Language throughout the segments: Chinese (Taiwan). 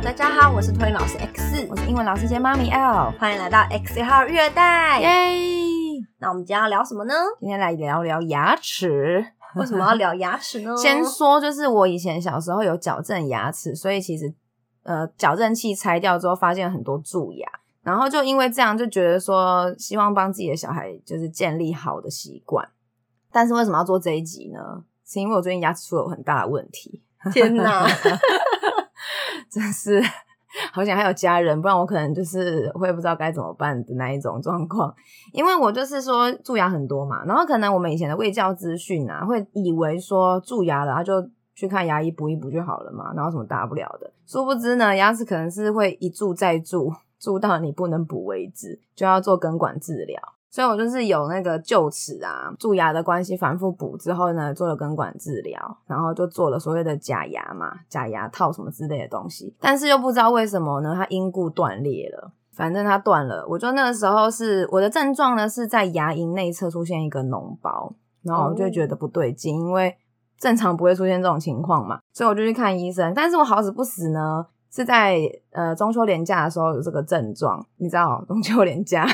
大家好，我是推老師 X，我是英文老師兼媽咪 L，歡迎來到 X 號育兒袋耶。Yay! 那我們今天要聊什麼呢？今天來聊聊牙齒。 為什麼要聊牙齒呢？先說，就是我以前小時候有矯正牙齒，所以其實呃矯正器拆掉之後，發現很多蛀牙，然後就因為這樣就覺得說，希望幫自己的小孩就是建立好的習慣。但是為什麼要做這一集呢？是因為我最近牙齒出了很大的問題。天吶 真是，好像還有家人，不然我可能就是會不知道該怎麼辦的那一種狀況。因為我就是說蛀牙很多嘛，然後可能我們以前的衛教資訊啊，會以為說蛀牙了、啊，他就去看牙醫補一補就好了嘛，然後什麼大不了的。殊不知呢，牙齒可能是會一蛀再蛀，蛀到你不能補為止，就要做根管治療。所以我就是有那個臼齒啊、蛀牙的關係，反覆補之後呢，做了根管治療，然後就做了所謂的假牙嘛，假牙套什麼之類的東西。但是又不知道為什麼呢，它因故斷裂了。反正它斷了，我就那個時候是我的症狀呢，是在牙齦內側出現一個膿包，然後我就覺得不對勁、哦，因為正常不會出現這種情況嘛，所以我就去看醫生。但是我好死不死呢。是在呃中秋連假的時候有這個症狀，你知道、哦、中秋連假，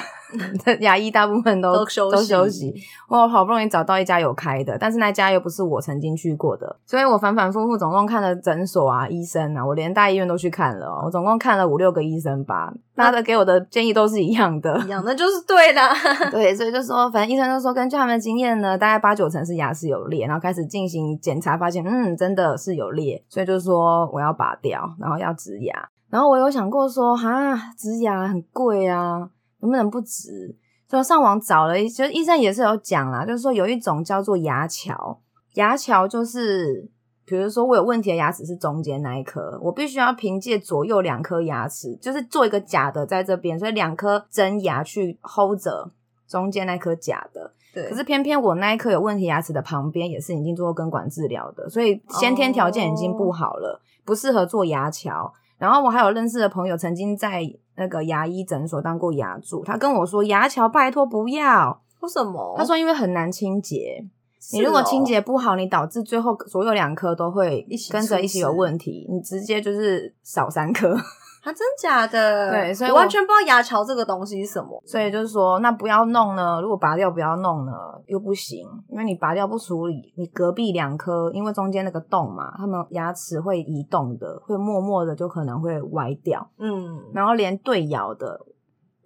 牙 醫大部分都都休息，我、wow, 好不容易找到一家有開的，但是那家又不是我曾經去過的，所以我反反復復總共看了診所啊、醫生啊，我連大醫院都去看了、哦，我總共看了五六個醫生吧。他的給我的建議都是一樣的、啊，一 樣的就是對的， 對，所以就說，反正醫生就說，根據他們經驗呢，大概八九成是牙齒有裂，然後開始進行檢查，發現，嗯，真的是有裂，所以就說我要拔掉，然後要植牙，然後我有想過說，哈，植牙很貴啊，能不能不植？所以上網找了一些，就醫生也是有講啦，就是說有一種叫做牙橋，牙橋就是。比如說我有問題的牙齒是中間那一顆，我必須要憑借左右兩顆牙齒，就是做一個假的在這邊，所以兩顆真牙去 hold 著中間那顆假的。對。可是偏偏我那一顆有問題牙齒的旁邊也是已經做過根管治療的，所以先天條件已經不好了，oh、不適合做牙橋。然後我還有認識的朋友曾經在那個牙醫診所當過牙助，他跟我說牙橋拜託不要。為什麼？他說因為很難清潔。哦、你如果清潔不好，你導致最後所有兩顆都會一起跟着一起有問題，你直接就是少三顆，還、啊、真假的？ 對，所以完全不知道牙橋這個東西是什麼。所以就是說，那不要弄呢？如果拔掉不要弄呢，又不行，因為你拔掉不處理，你隔壁兩顆，因為中間那個洞嘛，他們牙齒會移動的，會默默的就可能會歪掉。嗯，然後連對咬的。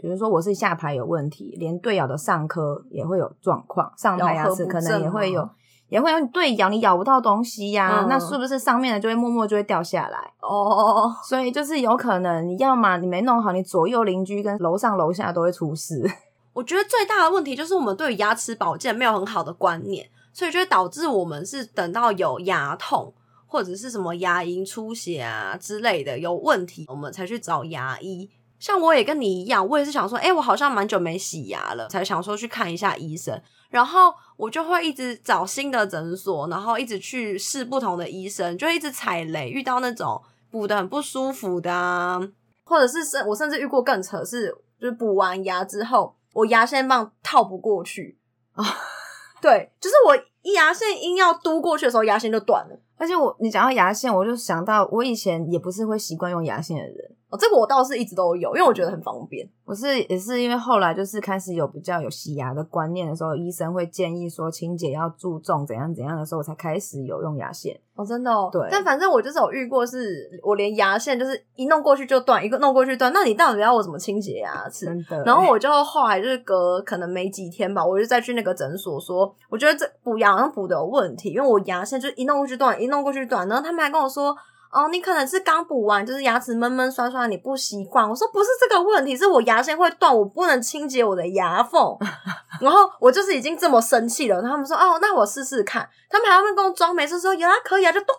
比如說我是下排有問題，連對咬的上顆也會有狀況，上排牙齒可能也會有，哦、也會有你對咬你咬不到東西呀、啊嗯，那是不是上面的就會默默就會掉下來？哦，所以就是有可能，你要麼你沒弄好，你左右鄰居跟樓上樓下都會出事。我覺得最大的問題就是我們對牙齒保健沒有很好的觀念，所以就會導致我們是等到有牙痛或者是什麼牙齦出血啊之類的有問題，我們才去找牙醫。像我也跟你一樣，我也是想說，哎、欸，我好像蠻久沒洗牙了，才想說去看一下醫生。然後我就會一直找新的診所，然後一直去試不同的醫生，就一直踩雷，遇到那種補的很不舒服的，啊，或者是甚，我甚至遇過更扯是，就是補完牙之後，我牙線棒套不過去啊。 對，就是我牙線硬要嘟過去的時候，牙線就斷了。而且我你講到牙線，我就想到我以前也不是會習慣用牙線的人。哦，這個我倒是一直都有，因為我覺得很方便。嗯，我是，也是因為後來就是開始有比較有洗牙的觀念的時候，醫生會建議說清潔要注重怎樣怎樣的時候，我才開始有用牙線。哦，真的哦。對。但反正我就是有遇過是，是我連牙線就是一弄過去就斷，一個弄過去斷。那你到底要我怎麼清潔牙齒？真的。然後我就後來就是隔可能沒幾天吧，我就再去那個診所說，我覺得這補牙好像補的有問題，因為我牙線就是一弄過去斷，一弄過去斷，然後他們還跟我說。哦，你可能是剛補完，就是牙齒悶悶酸酸，你不習慣。我說不是這個問題，是我牙線會斷，我不能清潔我的牙縫。 然後我就是已經這麼生氣了，他們說，哦，那我試試看。他們還要跟我裝沒事，每次說有啊可以啊，就咚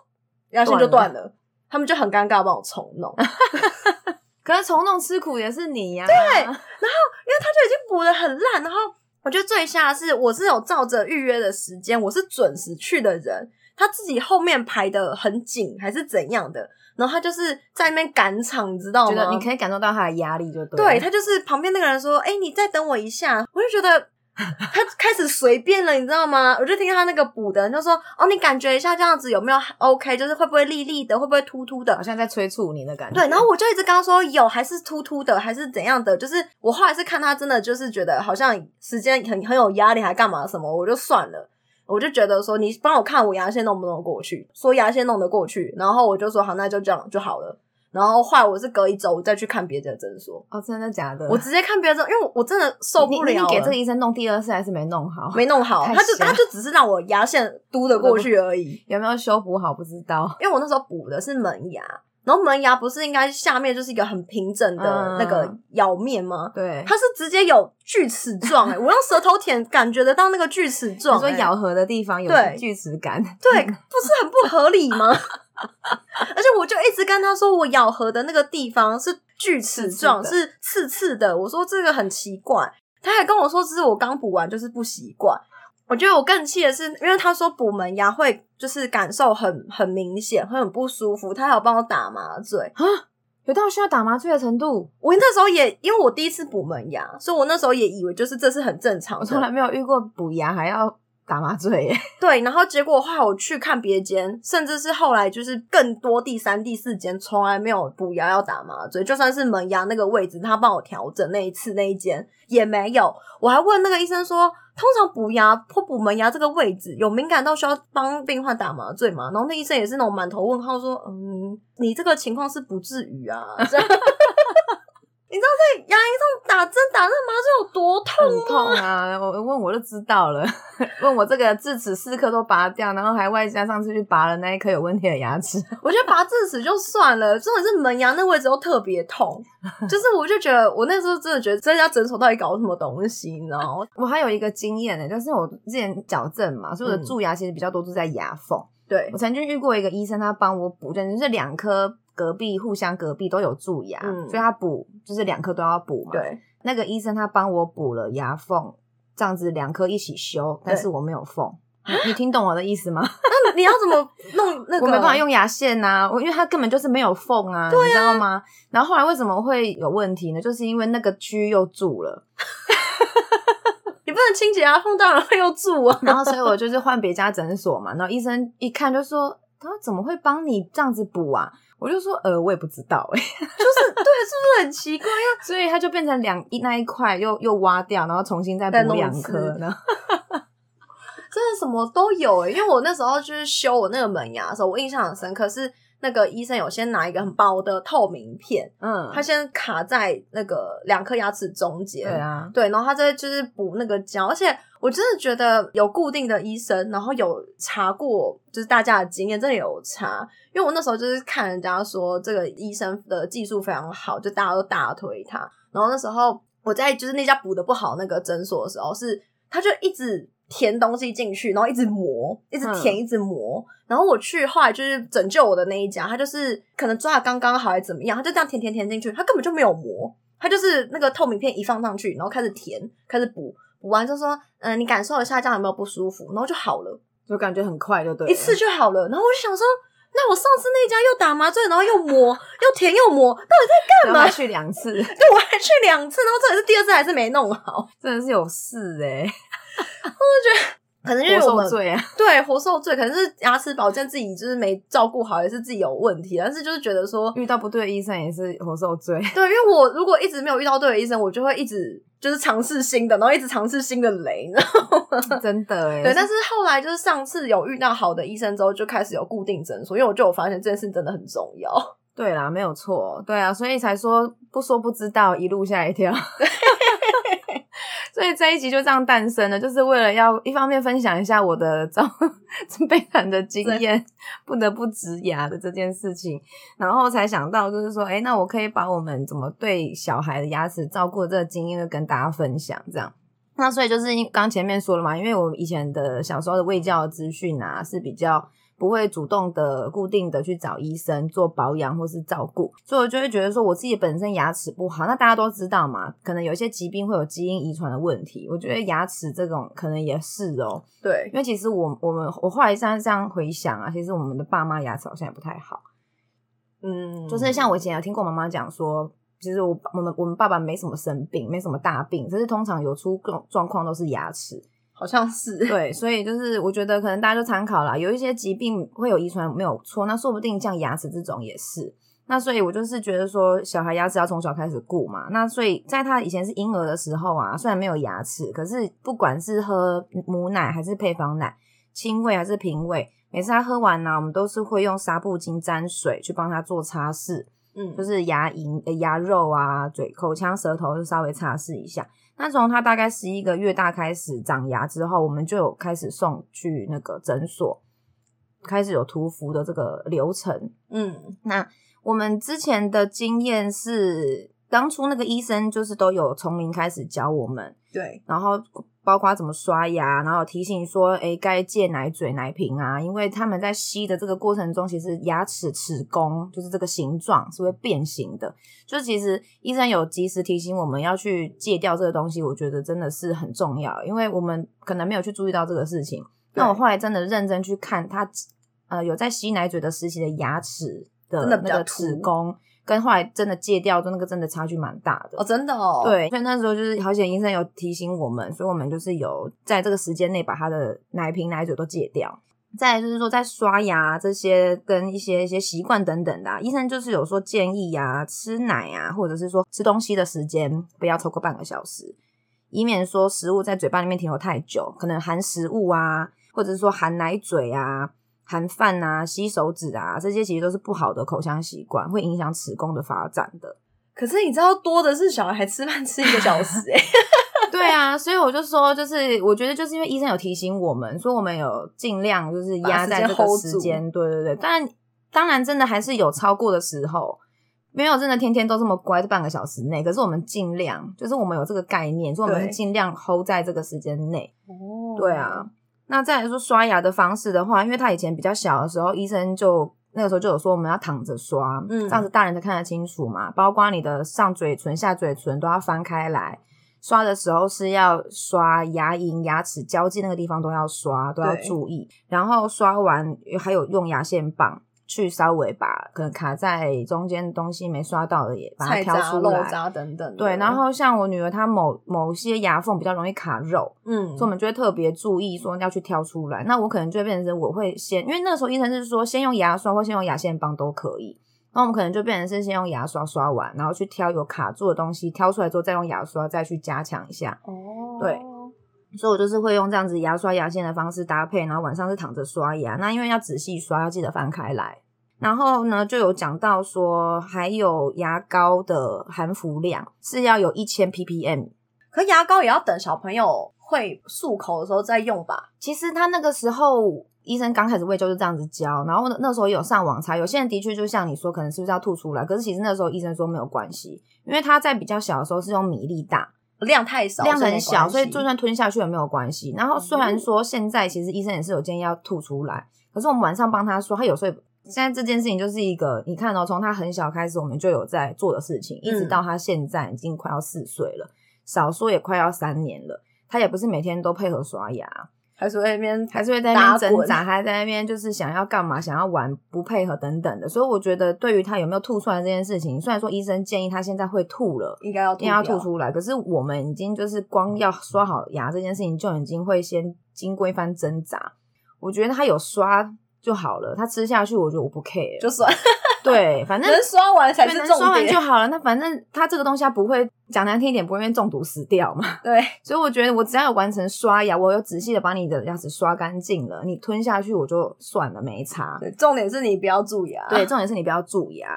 牙線就斷了，了。他們就很尷尬，幫我重弄。 可是重弄吃苦也是你呀，啊。對。然後因為他就已經補的很爛，然後我覺得最嚇的是我是有照着預約的時間，我是準時去的人。他自己後面排的很緊，還是怎樣的？然後他就是在那邊趕場，知道嗎？覺得你可以感受到他的壓力，就對，對他就是旁邊那個人說：“哎、欸，你再等我一下。”我就覺得他開始隨便了，你知道嗎？我就聽他那個補的，就說：“哦、喔，你感覺一下這樣子有沒有 OK？就是會不會粒粒的，會不會凸凸的？”好像在催促你的感覺。對，然後我就一直跟他說有，還是凸凸的，還是怎樣的？就是我後來是看他真的，就是覺得好像時間很很有壓力，還幹嘛什麼，我就算了。我就覺得說，你幫我看我牙線弄不弄過去？說牙線弄得過去，然後我就說好，那就這樣就好了。然後後來我是隔一周再去看別的診所。哦，真的假的？我直接看別的診，因為我真的受不了了。你你給這個醫生弄第二次還是沒弄好？沒弄好，他就他就只是讓我牙線嘟得過去而已。有沒有修補好不知道？因為我那時候補的是門牙。然後門牙不是應該下面就是一個很平整的那個咬面嗎？嗯、對，它是直接有鋸齒狀、欸、我用舌頭舔感覺得到那個鋸齒狀、欸，說咬合的地方有鋸齒感對，對，不是很不合理嗎？ 而且我就一直跟他說，我咬合的那個地方是鋸齒狀刺刺，是刺刺的。我說這個很奇怪，他還跟我說，只是我剛補完就是不習慣。我覺得我更氣的是，因為他說補門牙會就是感受很很明顯，會很不舒服，他還有幫我打麻醉啊，有到需要打麻醉的程度。我那時候也因為我第一次補門牙，所以我那時候也以為就是這是很正常的，我從來沒有遇過補牙還要打麻醉耶。對，然後結果的話，我去看別間，甚至是後來就是更多第三、第四間，從來沒有補牙要打麻醉，就算是門牙那個位置，他幫我調整那一次那一間也沒有。我還問那個醫生說，通常補牙或補門牙這個位置有敏感到需要幫病患打麻醉嗎？然後那醫生也是那種滿頭問號，說：“嗯，你這個情況是不至於啊。 ” 你知道在牙齦上打針打那麻醉有多痛痛啊！我問我就知道了，問我這個智齒四顆都拔掉，然後還外加上次去拔了那一顆有問題的牙齒。 我覺得拔智齒就算了，重點是門牙那位置都特別痛， 就是我就覺得我那時候真的覺得這家診所到底搞什麼東西，你知道嗎？我還有一個經驗呢、欸，就是我之前矯正嘛，所以我的蛀牙其實比較多蛀在牙縫、嗯。對我曾經遇過一個醫生他，他幫我補，但是是兩顆。隔壁互相隔壁都有蛀牙，嗯，所以他補就是兩顆都要補嘛。對，那個醫生他幫我補了牙縫，這樣子兩顆一起修，但是我沒有縫，你，你聽懂我的意思嗎？ 那你要怎麼弄？那個我沒辦法用牙線吶、啊，因為他根本就是沒有縫啊，啊，你知道嗎？然後後來為什麼會有問題呢？就是因為那個菌又蛀了， 你不能清潔啊，碰到然後又蛀啊。 然後所以我就是換別家診所嘛，然後醫生一看就說，他說怎麼會幫你這樣子補啊？我就說，呃，我也不知道、欸，哎，就是對，是不是很奇怪呀、啊？ 所以它就變成兩一那一塊又又挖掉，然後重新再補兩顆呢？真的 什麼都有哎、欸！因為我那時候就是修我那個門牙的時候，我印象很深刻。是那個醫生有先拿一個很薄的透明片，嗯，他先卡在那個兩顆牙齒中間，對、嗯、啊，對，然後他再就是補那個膠，而且。我真的覺得有固定的醫生，然後有查過，就是大家的經驗，真的有差。因為我那時候就是看人家說這個醫生的技術非常好，就大家都大推他。然後那時候我在就是那家補的不好的那個診所的時候是，是他就一直填東西進去，然後一直磨，一直填、嗯，一直磨。然後我去後來就是拯救我的那一家，他就是可能抓的剛剛好還是怎麼樣，他就這樣填填填進去，他根本就沒有磨，他就是那個透明片一放上去，然後開始填，開始補。補完就說，嗯、呃，你感受一下這樣有沒有不舒服，然後就好了，就感覺很快，就對，一次就好了。然後我就想說，那我上次那家又打麻醉，然後又磨， 又填，又磨，到底在幹嘛？還去兩次，對我還去兩次，然後這也是第二次，還是沒弄好， 真的是有事欸。我 就覺得。可能因為我們活受罪，啊、對，活受罪，可能是牙齒保健自己就是沒照顧好，也是自己有問題，但是就是覺得說遇到不對的醫生也是活受罪。對，因為我如果一直沒有遇到對的醫生，我就會一直就是嘗試新的，然後一直嘗試新的雷，然後真的哎。對，但是後來就是上次有遇到好的醫生之後，就開始有固定診所，因為我就有發現這件事真的很重要。對啦，沒有錯，對啊，所以才說不說不知道，一路嚇一跳。 所以這一集就這樣誕生了，就是為了要一方面分享一下我的悲慘的經驗，不得不植牙的這件事情，然後才想到就是說，哎、欸，那我可以把我們怎麼對小孩的牙齒照顧的這個經驗跟大家分享。這樣，那所以就是剛前面說了嘛，因為我以前的小時候的衛教資訊啊是比較。不會主動的、固定的去找醫生做保養或是照顧，所以我就會覺得說我自己本身牙齒不好。那大家都知道嘛，可能有一些疾病會有基因遺傳的問題。我覺得牙齒這種可能也是哦。對，因為其實我、我們、我後來這這樣回想啊，其實我們的爸媽牙齒好像也不太好。嗯，就是像我以前有聽過媽媽講說，其實我、我們、我們爸爸沒什麼生病，沒什麼大病，就是通常有出各種狀況都是牙齒。好像是對，所以就是我覺得可能大家就參考啦，有一些疾病會有遺傳沒有錯，那說不定像牙齒這種也是。那所以我就是覺得說，小孩牙齒要從小開始顧嘛。那所以在他以前是嬰兒的時候啊，雖然沒有牙齒，可是不管是喝母奶還是配方奶，親餵還是瓶餵，每次他喝完呢，啊，我們都是會用紗布巾沾水去幫他做擦拭，嗯，就是牙齦、呃牙肉啊、嘴、口腔、舌頭就稍微擦拭一下。那從他大概十一個月大開始長牙之後，我們就有開始送去那個診所，開始有塗氟的這個流程。嗯，那我們之前的經驗是。當初那個醫生就是都有從零開始教我們，對，然後包括怎麼刷牙，然後提醒說，誒，欸，該戒奶嘴、奶瓶啊，因為他們在吸的這個過程中，其實牙齒齒弓就是這個形狀是會變形的。就其實醫生有及時提醒我們要去戒掉這個東西，我覺得真的是很重要，因為我們可能沒有去注意到這個事情。那我後來真的認真去看他，呃，有在吸奶嘴的時期的牙齒的那個齒弓。跟後來真的戒掉，就那個真的差距蠻大的哦，真的哦。對，所以那時候就是好險，醫生有提醒我們，所以我們就是有在這個時間內把他的奶瓶、奶嘴都戒掉。再來就是說，在刷牙這些跟一些一些習慣等等的啊，醫生就是有說建議呀啊，吃奶呀啊，或者是說吃東西的時間不要超過半個小時，以免說食物在嘴巴裡面停留太久，可能含食物啊，或者是說含奶嘴啊。含飯啊，吸手指啊，這些其實都是不好的口腔習慣，會影響齒弓的發展的。可是你知道，多的是小孩吃飯吃一個小時，欸， 對啊，所以我就說，就是我覺得就是因為醫生有提醒我們，所以我們有盡量就是壓在這個時間，對對對。當然，當然真的還是有超過的時候，沒有真的天天都這麼乖，在半個小時內。可是我們盡量，就是我們有這個概念，所以我們盡量 hold 在這個時間內。對啊。那再來說刷牙的方式的話，因為他以前比較小的時候，醫生就那個時候就有說，我們要躺着刷，嗯，這樣子大人才看得清楚嘛。包括你的上嘴唇、下嘴唇都要翻開來，刷的時候是要刷牙齦、牙齒交界那個地方都要刷，都要注意。然後刷完還有用牙線棒，去稍微把可能卡在中間的東西、沒刷到的也把它挑出來，菜渣、肉渣等等。對，然後像我女兒她某某些牙縫比較容易卡肉，嗯，所以我們就會特別注意說要去挑出來。那我可能就會變成我會先，因為那時候醫生是說先用牙刷或先用牙線棒都可以。那我們可能就變成是先用牙刷刷完，然後去挑有卡住的東西，挑出來之後再用牙刷再去加強一下。哦，對。所以，我就是會用這樣子牙刷牙線的方式搭配，然後晚上是躺着刷牙。那因為要仔細刷，要記得翻開來。然後呢，就有講到說，還有牙膏的含氟量是要有一千 ppm，可牙膏也要等小朋友會漱口的時候再用吧。其實他那個時候醫生剛開始會就是這樣子教，然後那時候也有上網查，有些人的確就像你說，可能是不是要吐出來？可是其實那時候醫生說沒有關係，因為他在比較小的時候是用米粒大。量太少，量很小，所以就算吞下去也沒有關係。然後雖然說現在其實醫生也是有建議要吐出來，嗯、可是我們晚上幫他刷，他有睡。現在這件事情就是一個，你看哦、喔，從他很小開始，我們就有在做的事情、嗯，一直到他現在已經快要四歲了，少說也快要三年了，他也不是每天都配合刷牙。還是會在那邊，還是會在那邊掙扎，還在那邊就是想要幹嘛，想要玩，不配合等等的。所以我覺得，對於他有沒有吐出來這件事情，雖然說醫生建議他現在會吐了，應該要應該要吐出來，可是我們已經就是光要刷好牙這件事情，就已經會先經過一番掙扎。我覺得他有刷。就好了，他吃下去，我覺得我不 care 了，就算。 對，反正能刷完才是重點。刷完就好了，那反正他這個東西，它不會講難聽一點，不會因為中毒死掉嘛。對，所以我覺得我只要有完成刷牙，我有仔細的把你的牙齒刷乾淨了，你吞下去我就算了，沒差。對，重點是你不要蛀牙。對，重點是你不要蛀牙。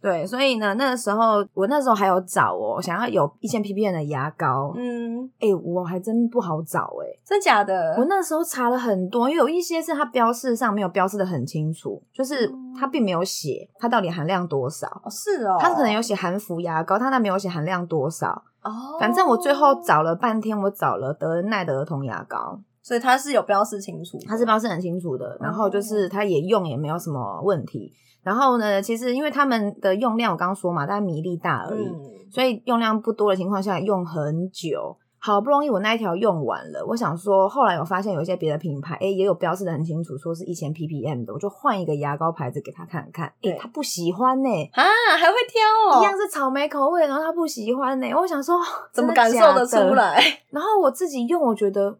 對，所以呢，那個時候我那時候還有找哦，想要有一千 PPM 的牙膏，嗯，哎、欸，我還真不好找哎、欸，真假的？我那時候查了很多，因為有一些是它標示上沒有標示得很清楚，就是它並沒有寫它到底含量多少，嗯，多少哦？是哦，它可能有寫含氟牙膏，它那沒有寫含量多少，哦，反正我最後找了半天，我找了德恩奈的兒童牙膏。所以它是有標示清楚，它是標示很清楚的。然後就是它也用也沒有什麼問題。Okay. 然後呢，其實因為他們的用量，我剛剛說嘛，大概米粒大而已，嗯，所以用量不多的情況下用很久。好不容易我那一條用完了，我想說，後來我發現有一些別的品牌，哎、欸，也有標示的很清楚，說是1000 ppm 的，我就換一個牙膏牌子給他看看。哎、欸，他不喜歡呢、欸，啊，還會挑，喔，哦。一樣是草莓口味，然後他不喜歡呢、欸。我想說真的假的，怎麼感受得出來？然後我自己用，我覺得。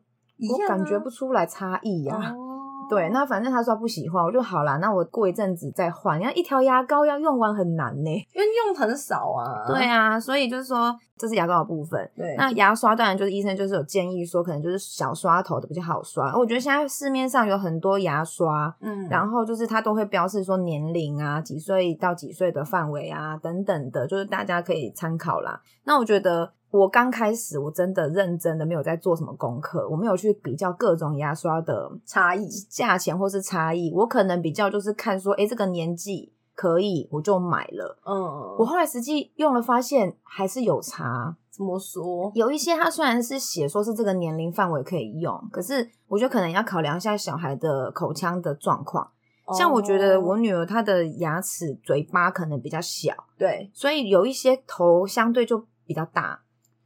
我感覺不出來差異呀、啊哦，對，那反正他說不喜歡，我就好了，那我過一陣子再換。你看一條牙膏要用完很難呢、欸，因為用很少啊。對啊，所以就是說這是牙膏的部分。對，那牙刷當然就是醫生就是有建議說，可能就是小刷頭的比較好刷。我覺得現在市面上有很多牙刷，嗯，然後就是它都會標示說年齡啊，幾歲到幾歲的範圍啊、嗯、等等的，就是大家可以參考啦。那我覺得。我剛開始我真的認真的沒有在做什麼功課，我沒有去比較各種牙刷的差異、價錢或是差異。我可能比較就是看說，哎、欸，這個年紀可以，我就買了。嗯，我後來實際用了，發現還是有差。怎麼說？有一些它雖然是寫說是這個年齡範圍可以用，可是我覺得可能要考量一下小孩的口腔的狀況。哦、像我覺得我女兒她的牙齒嘴巴可能比較小，對，所以有一些頭相對就比較大。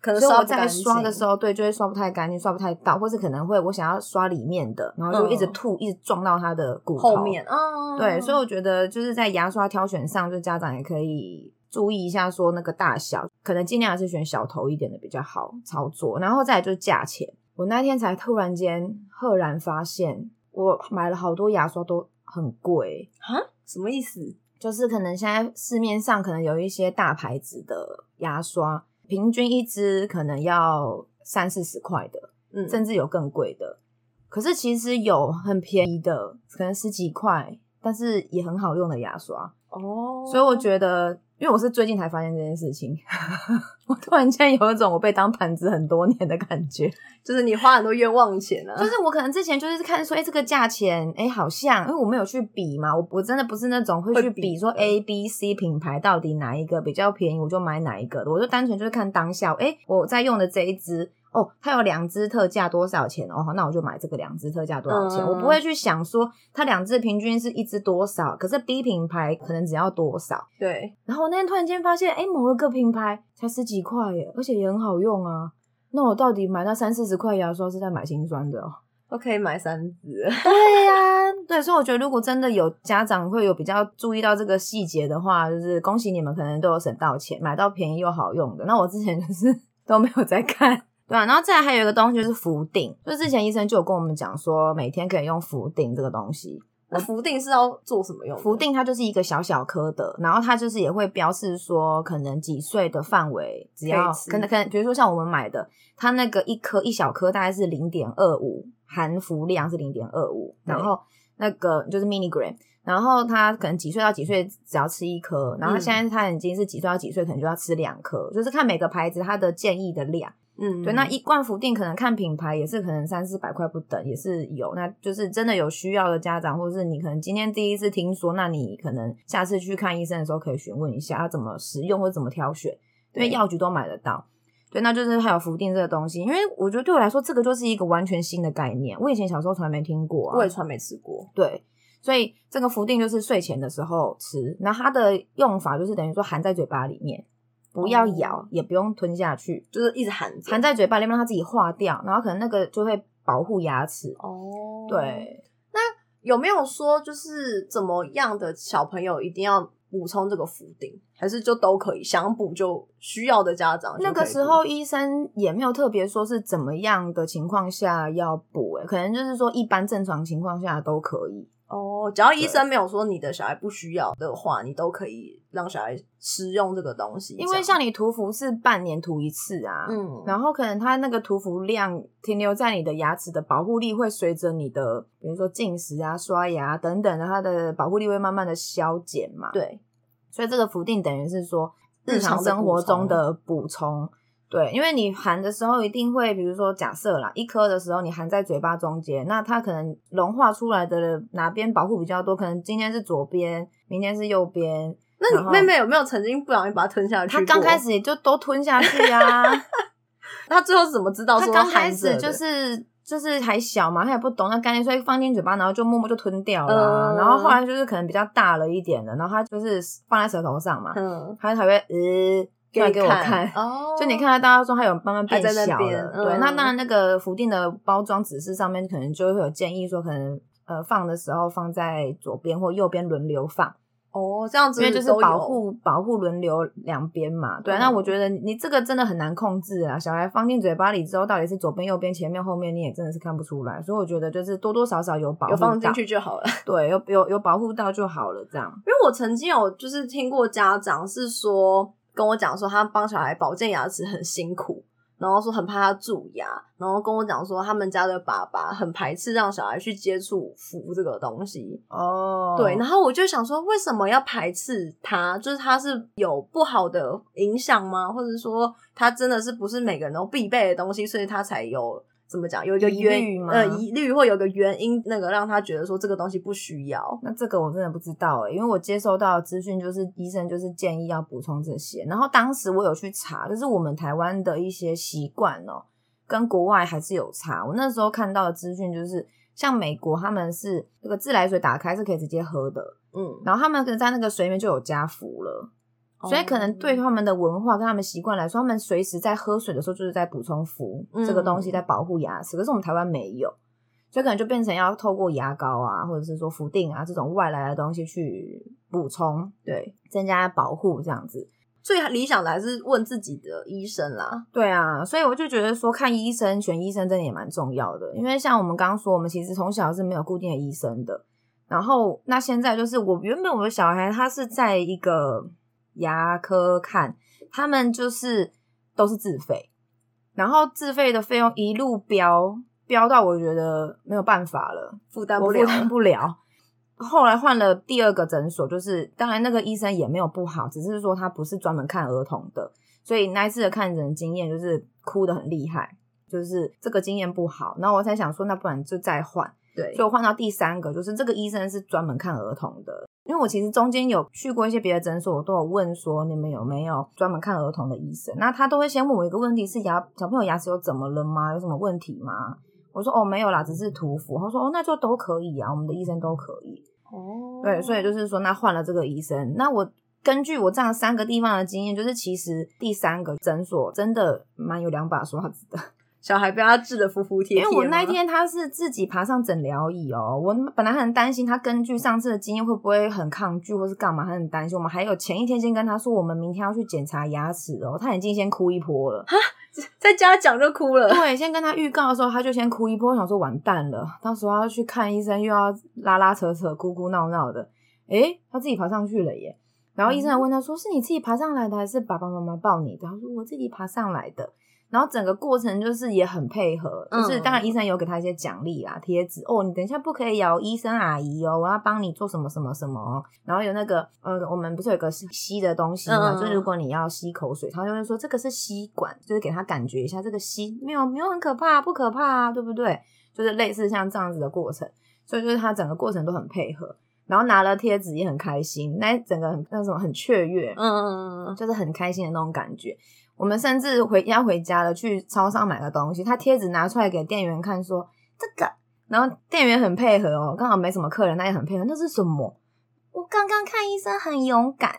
可能所以我在刷的時候，對，就會刷不太乾淨，刷不太到，或是可能會我想要刷裡面的，然後就一直吐，嗯，一直撞到它的骨頭後面。嗯，對，所以我覺得就是在牙刷挑選上，就家長也可以注意一下，說那個大小，可能儘量還是選小頭一點的比較好操作。然後再來就是價錢，我那天才突然間赫然發現，我買了好多牙刷都很貴哈，什麼意思？就是可能現在市面上可能有一些大牌子的牙刷。平均一支可能要三四十塊的，嗯，甚至有更貴的，可是其實有很便宜的，可能十幾塊，但是也很好用的牙刷哦，所以我覺得。因為我是最近才發現這件事情， 我突然間有一種我被當盤子很多年的感覺，就是你花很多冤枉錢啊。就是我可能之前就是看說，誒、欸、這個價錢，哎、欸，好像，因為我沒有去比嘛，我我真的不是那種會去比說 A、B、C 品牌到底哪一個比較便宜，我就買哪一個的，我就單純就是看當下，哎、欸，我在用的這一支。哦，它有兩支特價多少錢哦？那我就買這個兩支特價多少錢，嗯，我不會去想說它兩支平均是一支多少，可是 B 品牌可能只要多少？對。然後我那天突然間發現，哎、欸，某個品牌才十幾塊耶，而且也很好用啊。那我到底買到三四十塊的牙刷是在買心酸的，喔，都可以買三支。 對呀、啊，對。所以我覺得如果真的有家長會有比較注意到這個細節的話，就是恭喜你們，可能都有省到錢，買到便宜又好用的。那我之前就是都沒有在看。對啊，然後再來還有一個東西就是氟錠，就是之前醫生就有跟我們講說，每天可以用氟錠這個東西。那、嗯、氟錠是要做什麼用的？氟錠它就是一個小小顆的，然後它就是也會標示說可能幾歲的範圍，只要可，吃可能可能，比如說像我們買的，它那個一顆一小顆大概是零點二五，含氟量是零點二五，然後那個就是 minigram，然後它可能幾歲到幾歲只要吃一顆，然後現在它已經是幾歲到幾歲可能就要吃兩顆，嗯、就是看每個牌子它的建議的量。嗯，對，那一罐氟錠可能看品牌也是可能三四百塊不等，也是有。那就是真的有需要的家長，或者是你可能今天第一次聽說，那你可能下次去看醫生的時候可以詢問一下，要怎麼使用或者怎麼挑選。因為藥局都買得到。對,對，那就是還有氟錠這個東西，因為我覺得對我來說，這個就是一個完全新的概念。我以前小時候從來沒聽過啊，我也從來沒吃過。對，所以這個氟錠就是睡前的時候吃，那它的用法就是等於說含在嘴巴裡面。不要咬，嗯，也不用吞下去，就是一直含，含在嘴巴裡面，讓它自己化掉，然後可能那個就會保護牙齒。哦，對，那有沒有說就是怎麼樣的小朋友一定要補充這個氟錠，還是就都可以想補就需要的家長？那個時候醫生也沒有特別說是怎麼樣的情況下要補，哎，可能就是說一般正常情況下都可以。哦，只要醫生沒有說你的小孩不需要的話，你都可以讓小孩使用這個東西。因為像你塗氟是半年塗一次啊，嗯，然後可能它那個塗氟量停留在你的牙齒的保護力會隨着你的，比如說進食啊、刷牙等等的，它的保護力會慢慢的消減嘛。對，所以這個氟錠等於是說日常生活中的補充。對，因為你含的時候一定會，比如說假設啦，一顆的時候你含在嘴巴中間，那它可能融化出來的哪邊保護比較多？可能今天是左邊，明天是右邊。那你妹妹有沒有曾經不小心把它吞下去過？她剛開始也就都吞下去啊。 她最後怎麼知道說她？她剛開始就是就是還小嘛，她也不懂，那乾脆所以放進嘴巴，然後就默默就吞掉了，嗯。然後後來就是可能比較大了一點的，然後她就是放在舌頭上嘛，嗯，她就還會呃。轉給我看哦，看 oh, 就你看到大家說還有慢慢變小了。對，嗯、那那當然那個氟錠的包裝指示上面可能就會有建議說，可能呃放的時候放在左邊或右邊輪流放哦，oh, 這樣子是因為就是保護保護輪流兩邊嘛對，啊。對，那我覺得你這個真的很難控制啊，小孩放進嘴巴裡之後到底是左邊右邊前面後面，你也真的是看不出來，所以我覺得就是多多少少有保護，有放進去就好了，對，有有有保護到就好了這樣。 因為我曾經有就是聽過家長是說。跟我講說，他幫小孩保健牙齒很辛苦，然後說很怕他蛀牙，然後跟我講說他們家的爸爸很排斥讓小孩去接觸氟這個東西。哦、Oh.，對，然後我就想說，為什麼要排斥他？就是他是有不好的影響嗎？或者說，他真的是不是每個人都必備的東西，所以他才有？怎麼講？有一個原因嗎？呃，疑慮或有個原因，那個讓他覺得說這個東西不需要。那這個我真的不知道哎、欸，因為我接收到的資訊就是醫生就是建議要補充這些。然後當時我有去查，就是我們台灣的一些習慣哦，跟國外還是有差。我那時候看到的資訊就是，像美國他們是那個自來水打開是可以直接喝的，嗯，然後他們可能在那個水面就有加氟了。所以可能對他們的文化跟他們習慣來說，他們隨時在喝水的時候就是在補充氟、嗯、這個東西，在保護牙齒。可是我們台灣沒有，所以可能就變成要透過牙膏啊，或者是說氟錠啊這種外來的東西去補充，對，增加保護這樣子。最理想的還是問自己的醫生啦。對啊，所以我就覺得說看醫生、選醫生真的也蠻重要的，因為像我們剛剛說，我們其實從小是沒有固定的醫生的。然後那現在就是我原本我的小孩他是在一個。牙科看，他們就是都是自費，然後自費的費用一路飆飆到我覺得沒有辦法了，負擔不了了，負擔不了。後來換了第二個診所，就是當然那個醫生也沒有不好，只是說他不是專門看兒童的，所以那一次的看診經驗就是哭得很厲害，就是這個經驗不好。那我才想說，那不然就再換，對，所以我換到第三個，就是這個醫生是專門看兒童的。因為我其實中間有去過一些別的診所，我都有問說你們有沒有專門看兒童的醫生，那他都會先問我一個問題：是牙，小朋友牙齒又怎麼了嗎？有什麼問題嗎？我說哦，沒有啦，只是塗氟。他說哦，那就都可以啊，我們的醫生都可以。哦，對，所以就是說那換了這個醫生。那我根據我這樣三個地方的經驗，就是其實第三個診所真的蠻有兩把刷子的。小孩被他治得服服帖帖。因為我那天他是自己爬上診療椅哦、喔，我本來很擔心他根據上次的經驗會不會很抗拒或是幹嘛，他很擔心。我們還有前一天先跟他說，我們明天要去檢查牙齒哦、喔，他已經先哭一波了。哈，在家講就哭了。對，先跟他預告的時候，他就先哭一波，想說完蛋了。到時候要去看醫生，又要拉拉扯扯、哭哭鬧鬧的。誒、欸，他自己爬上去了耶。然後醫生還問他說：“嗯、是你自己爬上來的，還是爸爸媽媽抱你的？”他說：“我自己爬上來的。”然後整個過程就是也很配合，就是當然醫生有給他一些獎勵啊，貼、嗯、紙哦，你等一下不可以咬醫生阿姨哦，我要幫你做什麼什麼什麼。然後有那個呃、嗯，我們不是有個吸的東西嗎？嗯、就是、如果你要吸口水，他就會說這個是吸管，就是給他感覺一下這個吸沒有沒有很可怕，不可怕，啊，對不對？就是類似像這樣子的過程，所以就是他整個過程都很配合，然後拿了貼紙也很開心，那整個很那種很雀躍，嗯嗯，就是很開心的那種感覺。我們甚至回要回家了，去超市買個東西。他貼紙拿出來給店員看說，說這個，然後店員很配合哦，剛好沒什麼客人，那也很配合。那是什麼？我剛剛看醫生很勇敢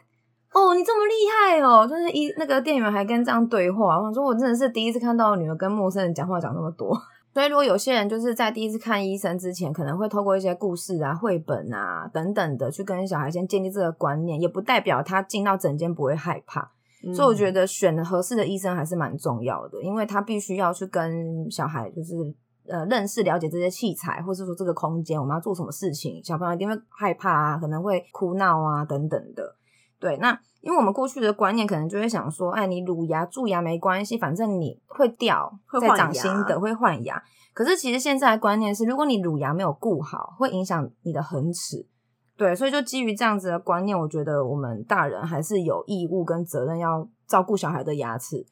哦，你這麼厲害哦，就是一那個店員還跟這樣對話啊，我說我真的是第一次看到女兒跟陌生人講話講那麼多。所以如果有些人就是在第一次看醫生之前，可能會透過一些故事啊、繪本啊等等的去跟小孩先建立這個觀念，也不代表他進到診間不會害怕。嗯、所以我覺得選合適的醫生還是蠻重要的，因為他必須要去跟小孩就是呃認識了解這些器材，或者說這個空間我們要做什麼事情，小朋友一定會害怕啊，可能會哭鬧啊等等的。對，那因為我們過去的觀念可能就會想說，哎，你乳牙蛀牙沒關係，反正你會掉，會長新的，會換牙。可是其實現在的觀念是，如果你乳牙沒有顧好，會影響你的恆齒。對，所以就基於這樣子的觀念，我覺得我們大人還是有義務跟責任要照顧小孩的牙齒。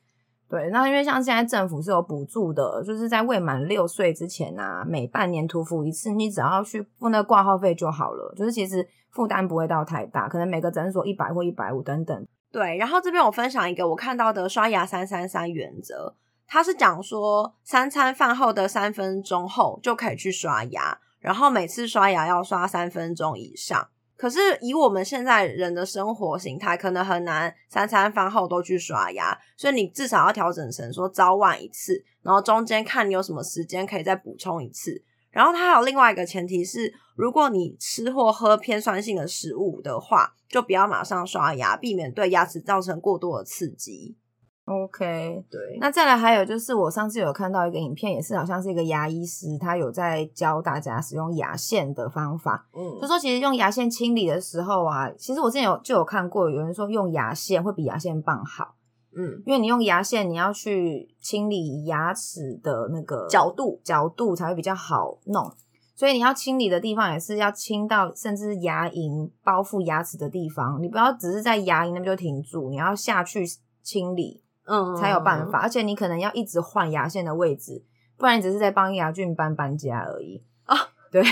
對，那因為像現在政府是有補助的，就是在未滿六歲之前啊，每半年塗氟一次，你只要去付那個掛號費就好了，就是其實負擔不會到太大，可能每個診所一百或一百五等等。對，然後這邊我分享一個我看到的刷牙三三三原則，它是講說三餐飯後的三分鐘後就可以去刷牙。然後每次刷牙要刷三分鐘以上，可是以我們現在人的生活形態，可能很難三餐飯後都去刷牙，所以你至少要調整成說早晚一次，然後中間看你有什麼時間可以再補充一次。然後它還有另外一個前提是，如果你吃或喝偏酸性的食物的話，就不要馬上刷牙，避免對牙齒造成過多的刺激。OK，對。那再來還有就是，我上次有看到一個影片，也是好像是一個牙醫師，他有在教大家使用牙線的方法。嗯，他就是說其實用牙線清理的時候啊，其實我之前有就有看過，有人說用牙線會比牙線棒好。嗯，因為你用牙線，你要去清理牙齒的那個角度，角度才會比較好弄。所以你要清理的地方也是要清到甚至牙齦包覆牙齒的地方，你不要只是在牙齦那邊就停住，你要下去清理。嗯，才有辦法。而且你可能要一直換牙線的位置，不然你只是在幫牙菌搬搬家而已啊、哦。對，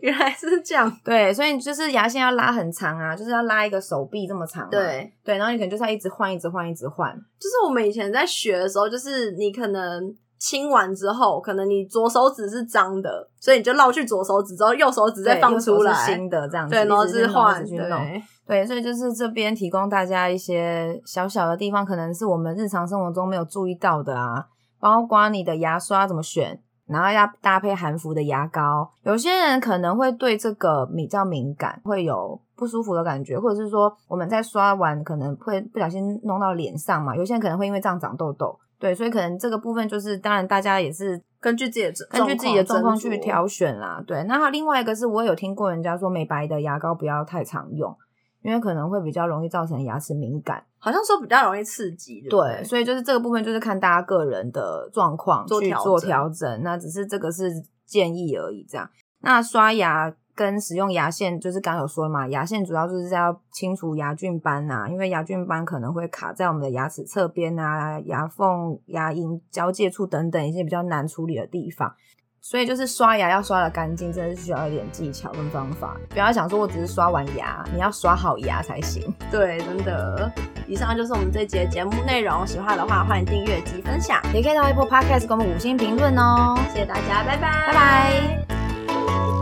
原來是這樣。對，所以你就是牙線要拉很長啊，就是要拉一個手臂這麼長、啊。對對，然後你可能就是要一直換，一直換，一直換。就是我們以前在學的時候，就是你可能。清完之後，可能你左手指是髒的，所以你就繞去左手指，之後右手指再放出來，是新的這樣子，對，然後置換。對，對，是小小對，對，所以就是這邊提供大家一些小小的地方，可能是我們日常生活中沒有注意到的啊，包括你的牙刷怎麼選，然後要搭配含氟的牙膏，有些人可能會對這個比較敏感，會有不舒服的感覺，或者是說我們在刷完可能會不小心弄到臉上嘛，有些人可能會因為這樣長痘痘。對，所以可能這個部分就是，當然大家也是根據自己的根據自己的狀況去挑選啦。對，那還有另外一個是我有聽過人家說，美白的牙膏不要太常用，因為可能會比較容易造成牙齒敏感，好像說比較容易刺激。對，對，對，所以就是這個部分就是看大家個人的狀況去做調整。做調整，那只是這個是建議而已，這樣。那刷牙，跟使用牙線，就是剛有說嘛，牙線主要就是要清除牙菌斑啊，因為牙菌斑可能會卡在我們的牙齒側邊啊、牙縫、牙齦交界處等等一些比較難處理的地方，所以就是刷牙要刷得乾淨，真的是需要一點技巧跟方法。不要想說我只是刷完牙，你要刷好牙才行。對，真的。以上就是我們這集節目內容，喜歡的話歡迎訂閱及分享，也可以到 Apple Podcast 給我們五星評論哦。謝謝大家，拜、拜，拜拜。